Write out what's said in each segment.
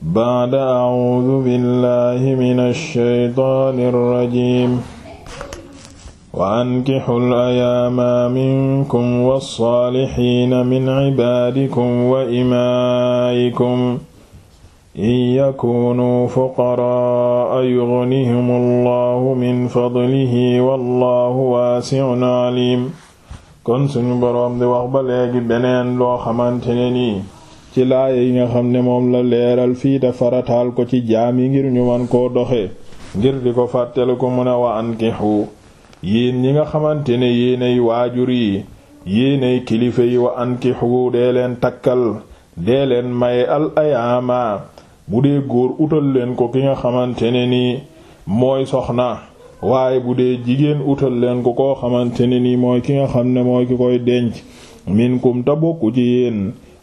ba'da a'uudu billahi mina shaytaani rajiim wa ankihul ayaama minkum wassalihiina min cibaadikum wa imaa'ikum in yakuunuu fuqaraa'a yughnihimullahu min fadlihi wallahu waasi'un aliim kon suñu boroom di wax ba léegi beneen loo xamante ne nii ci laaya yi nga xam ne moom la leeral fii te farataal ko ci jaam yi ngir ñu man koo doxe ngir di ko fàttali ko mën a wa ankixu yéen ñi nga xamante ne yéenay waajur yi yéenay kilifa yi wa ankixu dee leen takkal dee leen maye al bu dee góor utal leen ko ki nga xamante ne nii mooy soxna waaye bu dee jigéen utal leen ko koo xamante ne nii mooy ki nga xam ne mooy ki koy denc minkum ta bokku ci yéen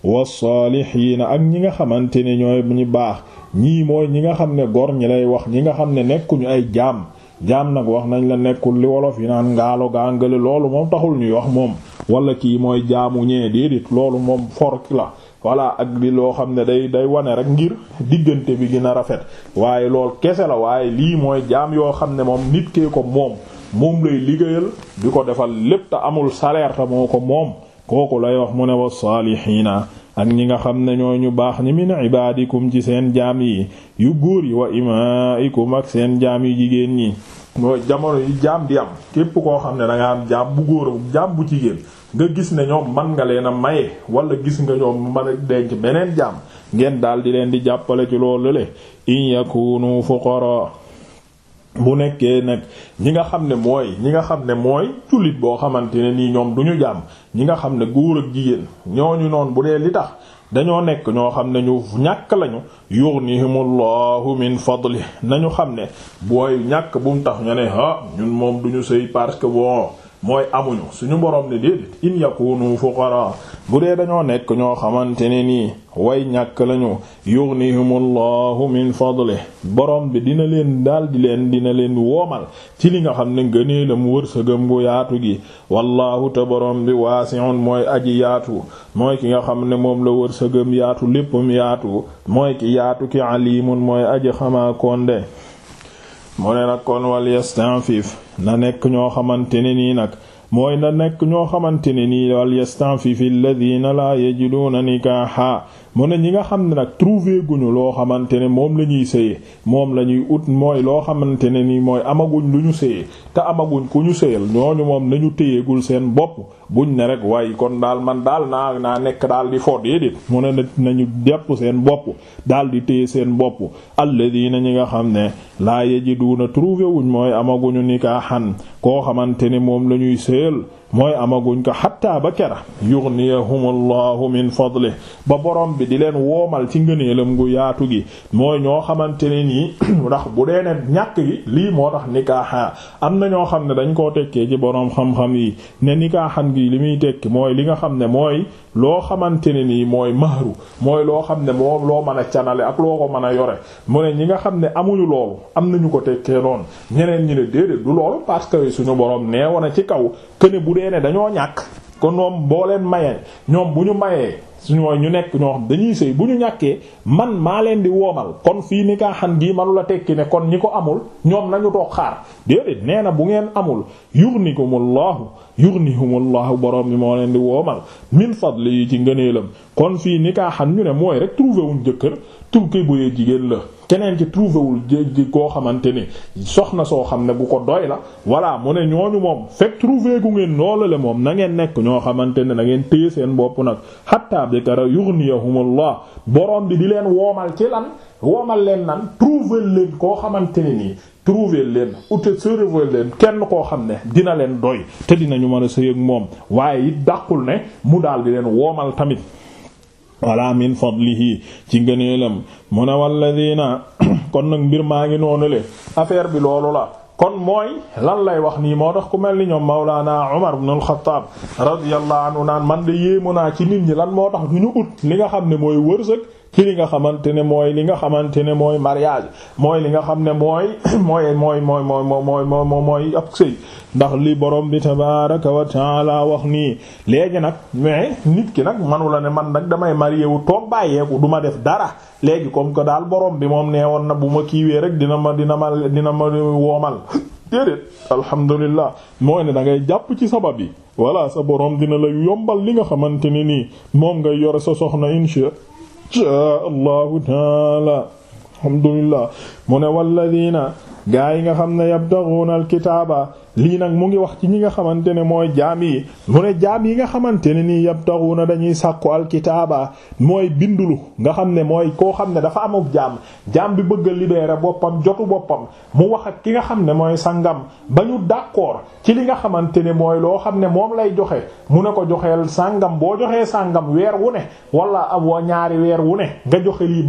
wasaalihiina ak ñi nga xamante ne ñooy ñu baax ñii mooy ñi nga xam ne gor ñi lay wax ñi nga xam ne nekkuñu ay jaam jaam nag wax nañ la nekkul li wolof yi naan ngaalo gàngale loolu moom taxul ñuy wax moom wala kii mooy jaamu ñee déedéet loolu moom fork la voilà ak di loo xam ne day day wane rek ngir diggante bi gën a rafet waaye lool kese la waaye lii mooy jaam yoo xam ne moom nit kee ko moom moom lay liggéeyal di ko defal lépp te amul salaire moo ko moom kooku lay wax mu ne wa saalihiina ak ñi nga xam ne ñoo ñu baax ñi min ibaadikum ci seen jaam yi yu góor yi wa imaikum ak seen jaam yu jigéen ñi mooy jamono yi jaam di am képp koo xam ne da nga am jaam bu góor jaam bu jigéen nga gis ne ñoom man nga leen maye wala gis nga ñoom man a denc beneen jaam ngeen daal di leen di jàppale ci loolu le in yakunu bu nekkee nag ñi nga xam ne mooy ñi nga xam ne mooy jullit boo xamante ne nii ñoom du ñu jàmm ñi nga xam ne góor ak jigéen ñooñu noon bu dee li tax dañoo nekk ñoo xam ne ñu ñàkk lañu yughnihimullahu min fadli nañu xam ne booy ñàkk bu mu tax ñu ne ah ñun moom du ñu sëy parce que bon mooy amuñu suñu borom ne déedéet in yakunu fuqara bu dee dañoo nekk ñoo xamante ne nii way ñàkk lañu yughnihimullahu min fadli borom bi dina leen daal di leen dina leen woomal ci li nga xam ne ngënee la mu wërsëgam gu yaatu gi wallahu te borom bi waasi'un mooy aji yaatu mooy ki nga xam ne moom la wërsëgam yaatu léppam yaatu mooy ki yaatu ki alimun mooy aji xamaa konde mu ne nag kon wal yastanfif na nekk ñoo xamante ne nii nag mooy na nekk ñoo xamante ne nii wal yastanfif alladhina la yajiduna nikaha mu ne ñi nga xam ne nag trouver guñu loo xamante ne moom la ñuy sëyee moom la ñuy ut mooy loo xamante ne nii mooy amaguñ lu ñu sëyee te amaguñ ku ñu sëyal ñooñu moom nañu téyeegul seen bopp buñ ne rek waaye kon daal man daal naa naa nekk daal di fo déedéet mu ne nañu jàpp seen bopp daal di seen bopp alladina ñi nga xam ne laa yajiduuna trouvé wuñ mooy amaguñu xan koo xamante ne moom lañuy seel mooy amaguñ ko xatta ba kera yughniyahumullahu min fadlih ba boroom bi di leen woomal ci ngëneelam gu yaatu gi mooy ñoo xamante ne nii ndax bu dee ne ñàkk gi lii moo tax nikaaxa am na ñoo xam ne dañ koo tekkee ci borom xam yi ne nikaaxan gi li muy tekki mooy li nga xam ne mooy loo xamante ne nii mooy mahru mooy loo xam ne moo loo mën a canale ak loo ko mën a yore mu ne ñi nga xam ne amuñu loolu am nañu ko tekkee noonu ñeneen ñi ne déedéet du loolu parce que suñu borom nee woon ci kaw dee dañoo ñàkk kon ñoom boo leen mayee ñoom bu ñu mayee suñooy ñu nekk ñoo xam dañuy sëy bu ñu ñàkkee man maa leen di woomal kon fii ni kaa xam gii manu la tekki ne kon ñi ko amul ñoom nañu toog xaar déedéet nee na bu ngeen amul yughnikumallahu yughnihumullahu borom bi moo leen di woomal min fadli yi ci ngëneelam kon fii ni kaa ñu ne mooy rek trouver wuñ jëkkër turki bu jigéen la keneen ci trouvéwul ji koo xamante ni soxna soo xam ne bu ko doy la voilà mu ne ñooñu moom fekk trouvé gu ngeen loolu la moom na ngeen nekk ñoo xamante ne na ngeen téye seen bopp nag hatta bi kara yughniyahumullah boroom bi di leen woomal ci lan woomal leen nan trouvé leen koo xamante ne nii trouvé leen ute servé leen kenn koo xam ne dina leen doy te dinañu mën a sëy ak moom waaye it dàqul ne mu daal di leen woomal tamit wala min fadlihi ci ngëneelam wa ne walladina kon nag mbir maa ngi noonule affaire bi loolu la kon mooy lan lay wax nii moo tax ku mel ni ñoom Mawlana Umar ibn al-Khattab radiyallahu anhu naan man de yéemu naa ci nit ñi lan moo tax du ñu ut li nga xam ne mooy wërsëg ci li nga xamante ne mooy li nga xamante ne mooy mariage mooy li nga xam ne mooy mooy mooy mooy mooy mooy mooy mooy ab sëy ndax li borom bi tabaaraka wa taala wax nii léegi nag mais nit ki nag manu ne man nag damay marié wu toog bàyyeeku du ma def dara léegi comme que daal borom bi moom nee woon na bu ma kiiwee rek dina ma dina ma dina ma woomal déedéet alhamdulilah mooy ne da ngay jàpp ci sabab yi walla sa borom dina la yombal li nga xamante ne nii moom ngay yore sa soxna insha sha allahu taala alhamdulillah mu ne walladina gaa yi nga xam ne yabtaghuna alkitaaba lii nag mu ngi wax ci ñi nga xamante ne mooy jaam yi mu ne jaam yi nga xamante ne nii yabtaghuna dañuy sàkku alkitaaba mooy bindulu nga xam ne mooy koo xam ne dafa amub jaam jaam bi bëgg a libéré boppam jotu boppam mu wax ak ki nga xam ne mooy sangam ba ñu d'accord ci li nga xamante ne mooy loo xam ne moom lay joxe mu ne ko joxeel sàngam boo joxee sàngam weer wu ne wala ab wa ñaari weer wu ne nga joxe lii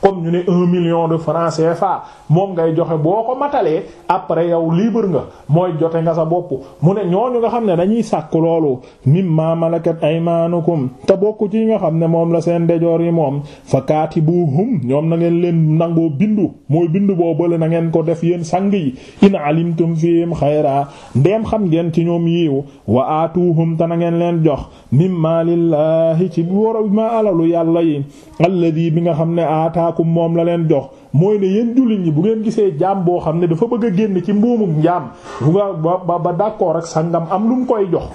comme ñu ne un million de francs CFA moom ngay joxe boo ko matalee après yow libre nga mooy jote nga sa bopp mu ne ñooñu nga xam ne dañuy sàkk loolu mimma malakat aymanukum te bokk ci nga xam ne moom la seen dejoor yi moom fa kaatibuhum ñoom na ngeen leen nangoo bindu mooy bindu boo bële na ngeen ko def yéen sang yi in alimtum fihim xayra ndeem xam ngeen ci ñoom yiiw wa aatuhum te na ngeen leen jox mimma lillahi ci woro ma alalu bi nga xam ku moom la leen jox mooy ne yéen jullit yi bu ngeen gisee jaam boo xam ne dafa bëgg a génn ci mbuumuk njaam bu nga ba ba d'accord ak sangam am lu mu koy jox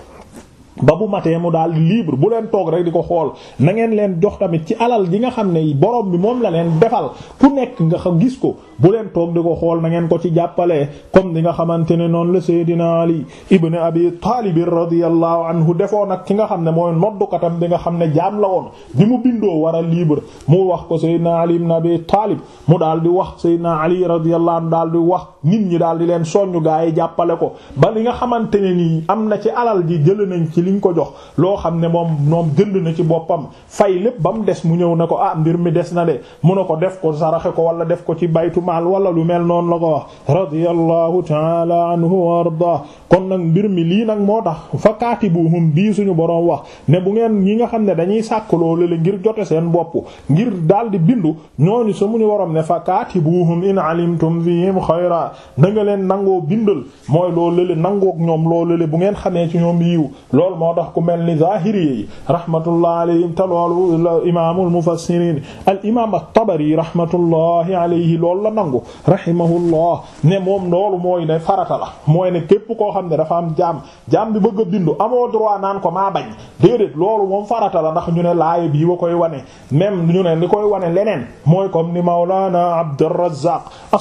ba bu matee mu daal libre bu leen toog rek di ko xool nangeen leen jox tamit ci alal ji nga xam ne borom bi moom la leen defal ku nekk nga xam gis ko bu leen toog di ko xool na ngeen ko ci jàppalee comme ni nga xamante ne noonu la Seydina Ali ibn Abi Talib radiyallahu anhu defoon ak ki nga xam ne mooy noddukatam bi nga xam ne jaam la woon bi mu bindoo war a libre mu wax ko Seydina Ali ibn Abi Talib mu daal di wax Seydina Ali radiyallahu anhu daal di wax. nit ñi daal di leen soññu gaa yi jàppale ko ba li nga xamante ni nii am na ci alal ji jël nañ ci liñ ko jox loo xam ne moom moom jënd na ci boppam fay lépp ba mu des mu ñëw ne ko ah mbir mi des na de mu ne ko def ko saraxe ko wala def ko ci baytu maal wala lu mel noonu la ko wax radiyallahu ta'ala anhu wa arda kon nag mbir mi lii nag moo tax fa kaatibuhum bii suñu borom wax ne bu ngeen ñi nga xam ne dañuy sàkkaloo la ngir jote seen bopp ngir daal di bindu ñooñu sa muñu waroon ne fa kaatibuhum in alimtum fihim xayra na nga leen nangoo bindal mooy loo nango nangook ñoom loo lële bu ngeen xamee ci ñoom yiw loolu moo tax ku mel ni zahiri yi rahmatullah alayhim te loolu imaamul mufassirin al imaam at-Tabari rahmatullahi alayhi loolu la nangu rahimahullah ne moom loolu mooy ne farata la mooy ne képp koo xam ne dafa am jaam jaam bi bëgg bindu amoo droit naan ko maa bañ déedéet loolu moom farata la ndax ñu ne laaya bi wa koy wane même ñu ne li koy wane leneen mooy comme ni Mawlana Abdurrazzaq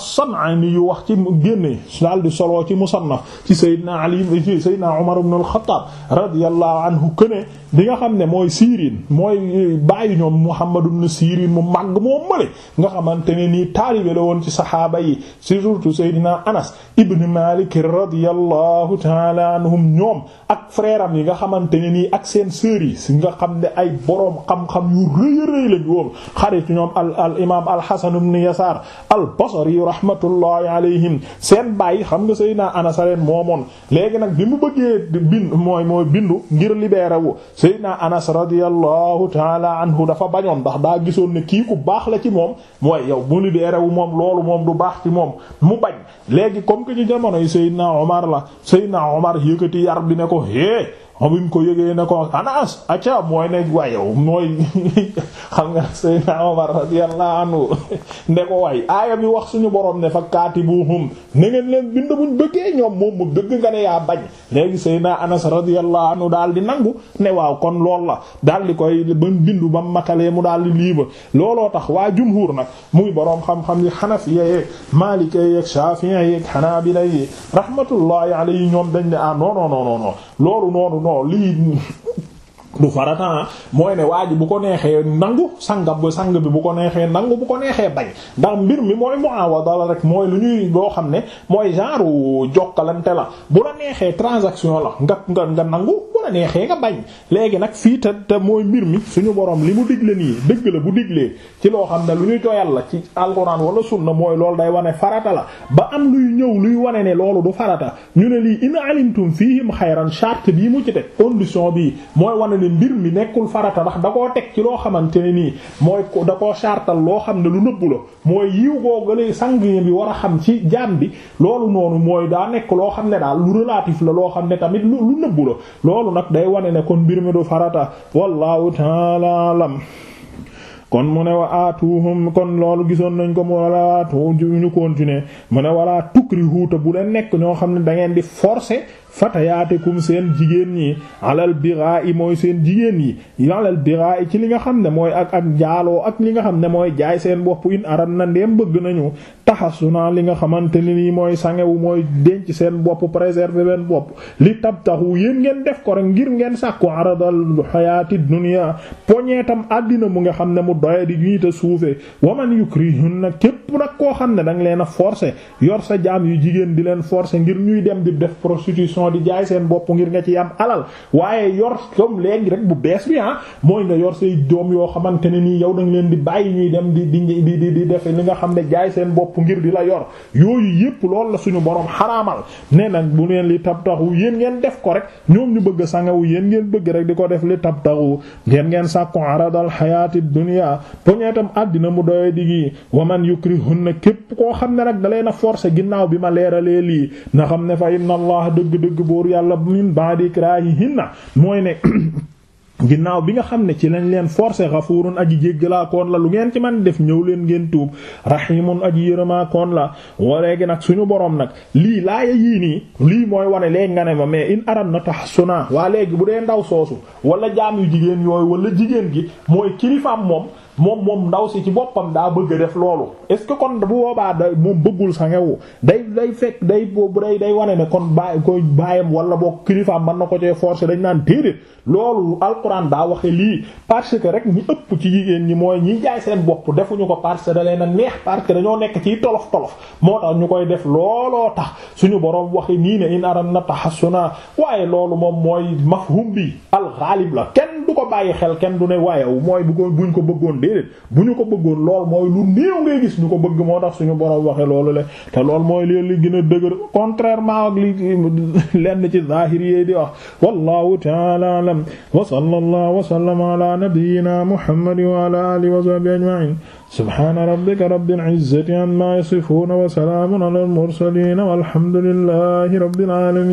génnee daal di soloo ci musannaf ci Seydina Ali ci Seydina Umar ibn al-Khattab radiyallahu anhu këne bi nga xam ne mooy Siiriin mooy bàyyi ñoom Muhammad ibn Siiriin mu màgg moo mële nga xamante ne nii taalibe la woon ci saxaaba yi surtout Seydina Anas ibn Malik radiyallahu ta'ala anhum ñoom ak frère yi nga xamante ne nii ak seen sœurs si nga xam ne ay boroom xam-xam yu rëy a rëy lañu woon xaritu ñoom al al imaam al Hasan ibn Yasaar al Basri rahmatullahi alayhim seen bàyyi xam nga Seydina Anas a leen moomoon léegi nag bi mu bëggee bind mooy mooy bindu ngir libéré wu Seydina Anas radiyallahu taala anhu dafa bañoon ndax daa gisoon ne kii ku baax la ci moom mooy yow bu libéré wu moom loolu moom du baax ci moom mu bañ léegi comme que ci jamono Seydina Omar la hee moom ah, bi mu ko yëgee ne ko Anas acca mooy ne wayow mooy nga Seydina Omar radiyallahu ne ko way aaya bi wax suñu borom ne fa kaatibuhum ne ngeen leen bind buñ bëggee ñoom moom mu bëgg nga ne yaa bañ léegi Seydina Anas radiyallahu anhu daal di nangu ne waaw kon lool la daal di koy ba bindu ba makalee mu daal di lii ba looloo tax waa jumhur nag muy borom xam-xam yi Hanafiya yeeg Maliki yeeg Shafi'i yeeg Hanabila yi rahmatullahi alayhi ñoom dañ ne ah non non non loolu noonu non lii du farata ah. mooy ne waa bu ko neexee nangu sangab bu sang bi bu ko neexee nangu bu ko neexee bañ ndax mbir mi mooy mu muawada la rek mooy lu ñuy boo xam ne mooy genre jokkalante la bu la neexee transaction la nga nga nga nangu neexee nga léegi nag fii te te mooy mbir mi suñu borom li mu digle nii dëgg la bu diglee ci loo xam ne lu ñuy doyal la ci alxuraan wala sunna mooy loolu day wane farata la ba am luy ñëw luy wane ne loolu du farata ñu ne lii in fii fihim xayran charte bii mu ci de condition bi mooy wane ne mbir mi nekkul farata ndax da koo teg ci loo xamante ne nii mooy da koo sartal loo xam ne lu nëbbu la mooy yiw googalee sang bi war a xam ci jaam bi loolu noonu mooy daa nekk loo xam ne daal lu relatif la loo xam ne tamit lu nëbbu la loolu nag day wane ne kon mbir mi du farata wallahu ta'ala alam kon mu ne wa aatuhum kon loolu gisoon nañ ko mu wala aatu bu leen nekk ñoo xam ne da di forcer fatayaatikum seen jigéen ñi alal biraa i mooy seen jigéen yi alal biraa i ci li nga xam ne mooy ak ak njaaloo ak li nga xam ne mooy jaay seen bopp in arad na ndeem bëgg nañu taxasuna li nga xamante ne nii mooy sangewu mooy denc seen bopp préserver seen bopp li tab taxu yéen ngeen def ko rek ngir ngeen sàkku aradal xayaati dunya tam àddina mu nga xam ne mu doya di ñuy te suufe waman na képp nag koo xam ne danga leen a forcer yor sa jaam yu jigéen di leen forcer ngir ñuy dem di def prostitution façon di jaay seen bopp ngir nga ci am alal waaye yor comme léegi rek bu bees bi ah mooy nga yor say doom yoo xamante ne nii yow da nga leen di bàyyi ñuy dem di di di def li nga xam ne jaay seen bopp ngir di la yor yooyu yépp loolu la suñu borom xaraamal nee nag bu neen li tab taxu yéen ngeen def ko rek ñoom ñu bëgg sangawu yéen ngeen bëgg rek di ko def li tab taxu ngeen ngeen sàkku aradal xayaati dunya poñeetam àddina mu doye digi waman yukrihunna képp a forcer na dëgg booru yàlla min ba'di ikraahihinna mooy ne ginnaaw bi nga xam ne ci lañ leen forcé xafuurun aji jéggalaakoon la lu ngeen ci man def ñëw leen ngeen tuub rahimun aji yërëmaakoon la wareegi nag suñu boroom nag lii laaya yii nii lii mooy wane léegi nga ne ma mais in aran na tahsuna waa léegi bu dee ndaw soosu wala jaam yu jigéen yooyu wala jigéen gi mooy kilifaam moom moom moom ndaw si ci boppam daa bëgg def loolu est-ce que kon bu boobaa da moom bëggul sa ngewu day day fekk day boobu day day wane ne kon baay koy baayam wala boo kilifaam mën na ko cee forcer dañ naan déedéet loolu alxuraan daa waxe lii parce que rek ñi ëpp ci jigéen ñi mooy ñi jaay seen bopp defuñu ko parce que da leen a neex parce que dañoo nekk ci tolof tolof moo tax ñu koy def looloo tax suñu boroom waxe nii ne in aran na tahassuna waaye loolu moom mooy mafhum bi al ghalib la kenn du ko bàyyi xel kenn du ne waaye mooy bu ko buñ ko bëggoon déedéet bu ñu ko bëggoon lool mooy lu néew ngay gis ñu ko bëgg moo tax suñu borom waxe loolu le te lool mooy leen li gën a dëgër contrairement ak li lenn ci zahir yi di wax wallahu ta'ala a'lam wa sallallahu wa sallama ala nabiyyina muhammad wa ala alihi wa sahbihi ajma'in subhana rabbika rabbil izzati amma yasifun wa salamun ala al mursalin walhamdulillahi rabbil alamin